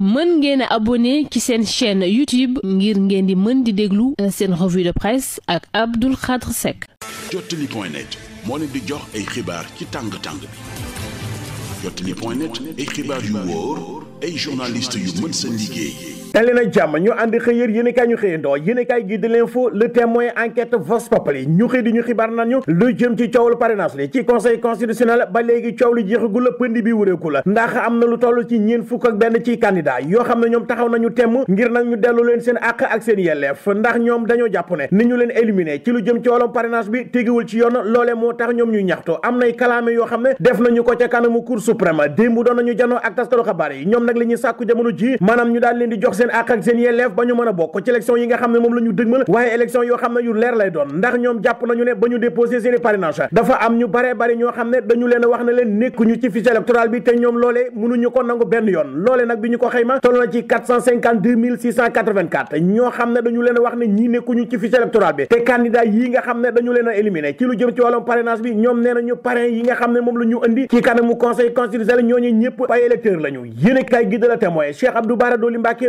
mën ngeen a ci seen chaîne YouTube ngir ngeen di mën di déglu euh, seen revue de presse ak Abdou Khadre Seck. Jotali point moo leen di jox ay xibaar ci tàng tàng bi Jotali point dali na jàmm ñu àndi xëyër yéen i kaay ñu xëyandoo yéen i kaay gi di l'info le témoin enquête vox populi ñu xëy di ñu xibaar nañu lu jëm ci coowlu parrainage li ci conseil constitutionnel ba léegi coow lu jeexagul la pënd bi wureeku la ndax am na lu toll ci ñeen fukk ak benn ci candidat yoo xam ne ñoom taxaw nañu temm ngir nag ñu dellu leen seen àq ak seen yelleef ndax ñoom dañoo jàpp ne ni ñu leen éliminé ci lu jëm ci wàllum parrainage bi tegiwul ci yoon loole moo tax ñoom ñu ñaxtu am nay kalaame yoo xam ne def nañu ko ca kanamu cour suprême démb doon nañu janoo ak taskatu xabaar yi ñoom nag li ñuy sàkku jamono ji maanaam leen di jox seen àq ak seen yelleef ba ñu mën bokk ci élection bi ñoom loolee ñu ko yi nga xam ne moom la indi ci kanamu conseil constitutionnel ñooñu ñëpp ay électeur lañu yéene kay gi de la témoin Cheikh Abdou Bara Dolly Mbacké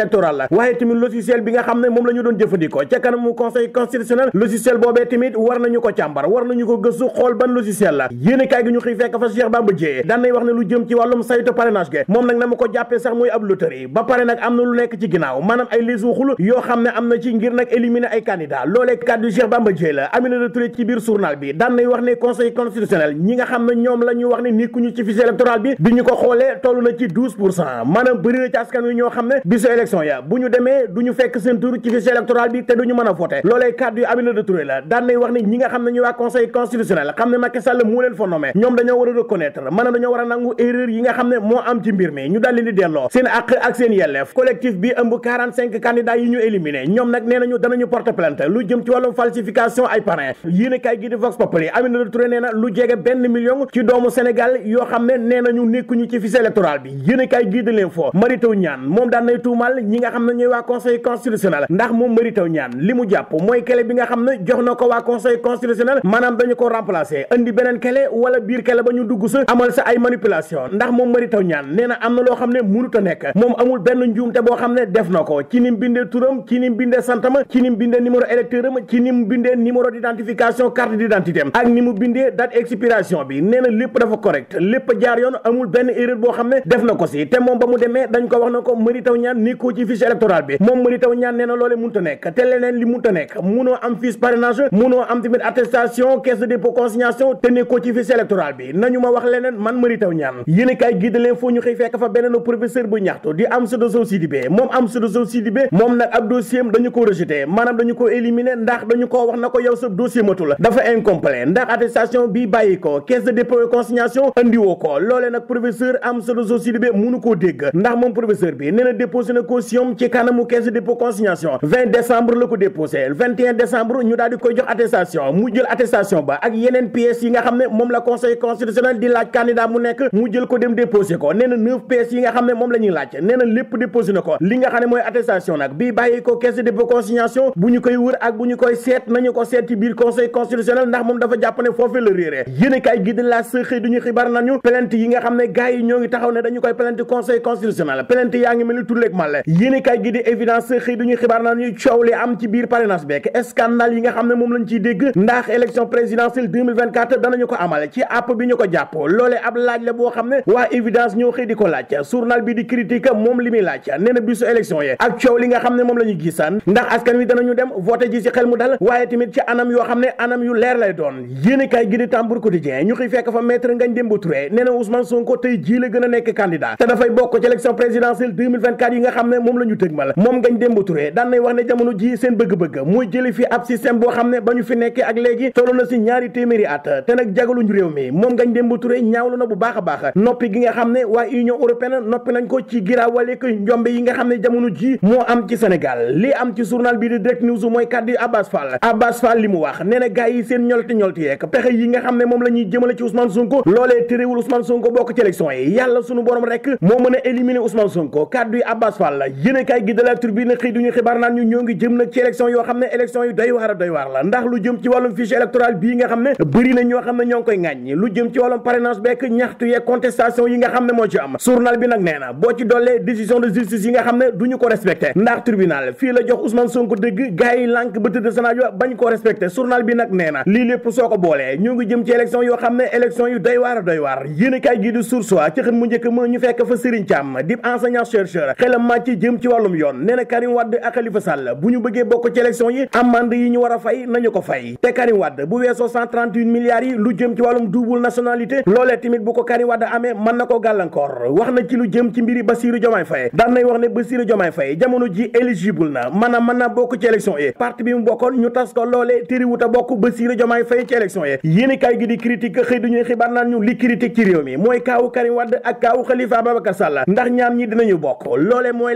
électoral la waaye tamit logiciel bi nga xam ne moom la doon jëfandikoo ca kanamu conseil constitutionnel logiciel boobee tamit war nañu ko càmbar war nañu ko gëstu xool ban logiciel la yéen kaay gi ñu xëy fekk fa Cheikh Bamba Dièye daan wax ne lu jëm ci wàllum saytu parrainage ge moom nag na ma ko jàppee sax muy ab loterie ba pare nag am na lu nekk ci ginnaaw maanaam ay lisu xul yoo xam ne am na ci ngir nag éliminer ay candidat loolee kàddu Cheikh Bamba Dièye la Aminata élection ya bu ñu demee du ñu fekk seen tur ci fichier électoral bi te du ñu a voté loolee kàddu yu Aminata Touré la daan wax ni ñi nga xam ne ñu waa conseil constitutionnel xam ne Macky Sall moo leen fa ñoom dañoo war a reconnaître dañoo war nangu erreur yi nga xam ne moo am ci mbir mi ñu daal leen di delloo seen àq ak seen yelleef collectif bi ëmb 45 yi ñu éliminé ñoom nag nee nañu danañu porter plainte lu jëm ci wàllum falsification ay parrain yéen a kaay gi di Vox Populi Aminata Touré nee na lu jege benn yoo xam ne nee nañu nekkuñu ci fichier électoral bi yéen a kaay gi di l'info Mary Teuw Niane moom daan ñi nga xam ne ñooy waa conseil constitutionnel ndax moom Mary Teuw Niane li mu jàpp mooy kele bi nga xam ne jox na ko waa conseil constitutionnel maanaam dañu ko remplacer indi beneen kele wala biir kele ba ñu dugg sa amal sa ay manipulation ndax moom Mary ñaan Niane na am na loo xam ne mënut a nekk moom amul benn njuumte boo xam ne def na ko ci ni mu bindee turam ci ni mu bindee ma ci ni mu bindee numéro électeur am ci ni mu bindee numéro d'identification carte d'identité am ak ni mu bindee date expiration bi nee na lépp dafa correct lépp jaar yoon amul benn erreur boo xam ne def na ko si te moom ba mu dañ ko ci fiche électorale bi moom Mary Teuw Niane nee na loolee mënta nekk te leneen li mënta nekk munoo am fiche parrainage munoo am tamit attestation caisse de dépôt consignation te ne ko ci fiche électorale bi nañu ma wax leneen man Mary Teuw Niane yéen a kaay gii ñu xëy fekk fa beneen professeur bu ñaxtu di Amsatou Sow Sidibé moom Amsatou Sow Sidibé moom nag ab dossier dañu ko rejeté maanaam dañu ko éliminer ndax dañu ko wax na ko caution ci kanamu caisse de dépôt consignation 20 décembre la ko déposé 21 décembre ñu daal koy jox attestation mu jël attestation ba ak yeneen pièces yi nga xam ne moom la conseil constitutionnel di laaj candidat mu nekk mu jël ko dem déposé ko nee na 9 yi nga xam ne moom la laaj nee na lépp déposé na ko li nga xam ne mooy attestation nag bii bàyyi ko caisse de dépôt bu ñu koy wër ak bu ñu koy seet nañu ko yéenekaay gi di évidence xëy duñu xibaar naa ñuy coow li am ci biir parrainage beek scandale yi nga xam ne moom lañ ciy dégg ndax élection présidentielle 2024 danañu ko amal ci àpp bi ñu ko jàpp loole ab laaj la boo xam ne waa évidence ñoo xëy ko laaj journal bi di critique moom li laaj nee na bisu élection yi ak coow li nga xam ne moom la ñu ndax askan wi danañu dem voté ji ci xel mu dal waaye tamit ci anam yoo xam ne anam yu leer lay doon yéenekaay a ne moom la ñu dëgmal moom Ngagne Demba Touré daan nay wax ne jamono ji seen bëgg-bëgg muy jëli fi ab système boo xam ne ba ñu fi nekkee ak léegi toll na si ñaari téeméeri at te nag jagaluñu réew mi moom Ngagne Demba Touré na bu baax a baax noppi gi nga xam ne waa Union européenne noppi nañ ko ci giraawaleek njombe yi nga xam ne jamono ji moo am ci Sénégal li am ci journal bi di direct news mooy kàddu Abbas Fall Abbas Fall li mu wax nee na yi seen ne moom la ñuy jëmale ci Ousmane Sonko loolee téréewul Ousmane Sonko bokk ci élection yi yàlla sunu borom a la yéene kaay gi la tribune xëy duñu xibaar naan ñu ñoo ngi jëm ci élection yoo xam ne élection yi wa doy waar a doy waar yéene kaay gi di ci xët mu njëkk ma ñu fekk fa Serigne Thiam di enseignant chercheur xelam màcc ci jëm ci wàllum yoon nee na Karim ak Khalifa Sall bu ñu bëggee bokk ci élection yi amande yi ñu war a fay nañu ko fay te Karim Wade bu weesoo 138 milliards yi lu jëm ci wàllum double nationalité loolee tamit bu ko Karim Wade amee mën na ko gàllankoor wax na ci lu jëm ci mbiri Bassirou Diomaye Faye daan wax ne Bassirou Diomaye Faye jamono ji éligible na maanaam mën bokk ci élection yi parti bi mu bokkoon ñu tas ko loolee tëriwut a bokk Bassirou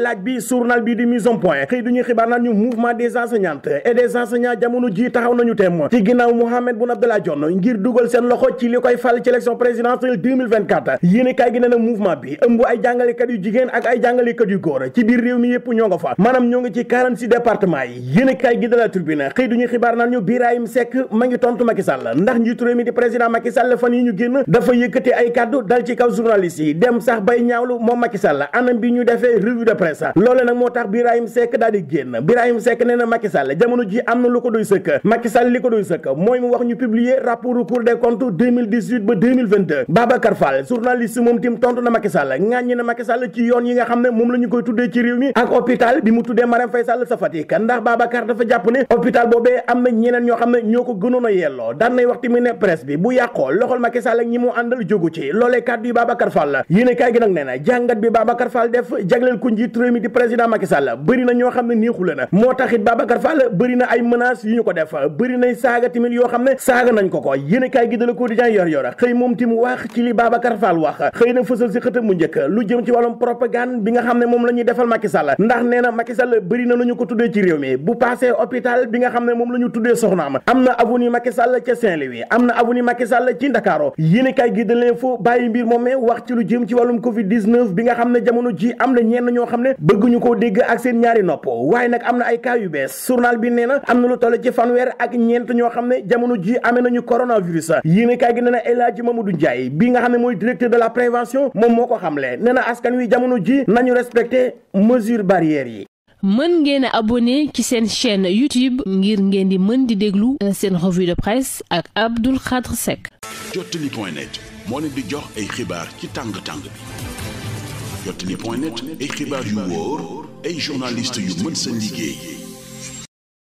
laaj bi journal bi di mise point xëy duñu xibaar naan ñu mouvement des enseignantes et des enseignants jamono ji taxaw nañu teem ci ay jàngalekat yu jigéen ak ay jàngalekat yu góor ci biir réew mi yëpp ñoo nga fa maanaam ñoo ngi ci 46 départements yi yéene gi de tribune xëy duñu xibaar naan ñu Birahim Seck ma ngi tontu Macky Sall ndax njiitu réew mi di président Macky Sall fan yi ñu génn dafa yëkkati ay kàddu dal ci kaw journaliste Macky loole nag moo tax Birahim Seck daal di génn Birahim Seck nee na Macky jamono ji am na lu ko doy sëkk Macky li ko doy sëkk mooy mu wax ñu publier rapport Cour des comptes ba 2022 Babacar journaliste moom tim tontu na Macky Sall ŋàññi na Macky Sall ci yoon yi nga xam ne moom la koy tuddee ci réew mi ak hôpital bi mu tuddee Marème Faye Sall sa Fatick ndax Babacar dafa jàpp ne hôpital boobee am na ñeneen ñoo xam ne ñoo ko gënoon réew mi di président Macky Sall bëri na ñoo xam ne neexula na moo tax it Babacar bëri na ay menaces yu ñu ko def bëri nay saaga tamit yoo xam ne saaga nañ ko ko yéen a kaay gi de Le Quotidien xëy moom tim wax ci li Babacar Fall wax xëy na fësal si xëtam mu njëkk lu jëm ci wàllum propagande bi nga xam ne moom la defal Macky Sall ndax nee na Macky bëri na lu ko tuddee ci réew mi bu passé hôpital bi nga xam ne moom la tuddee soxnaam a bëgguñu koo dégg ak seen ñaari nopp waaye nag am na ay cas yu bees journal bi nee na am na lu toll ci fanweer ak ñeent ñoo xam ne jamono ji amee nañu coronavirus yéene kaay gi nee na El Hadji Mamadou Ndiaye bi nga xam ne mooy directeur de la prévention moom moo ko xamle nee na askan wi jamono ji nañu respecté mesure barrières yi mën ngeen a abonné ci seen chaîne YouTube ngir ngeen di mën di déglu seen revue de presse ak Abdou Khadre Seck. Jotali point net moo leen di jox jotali point net ay xibaar yu ay journaliste yu mën seen liggéey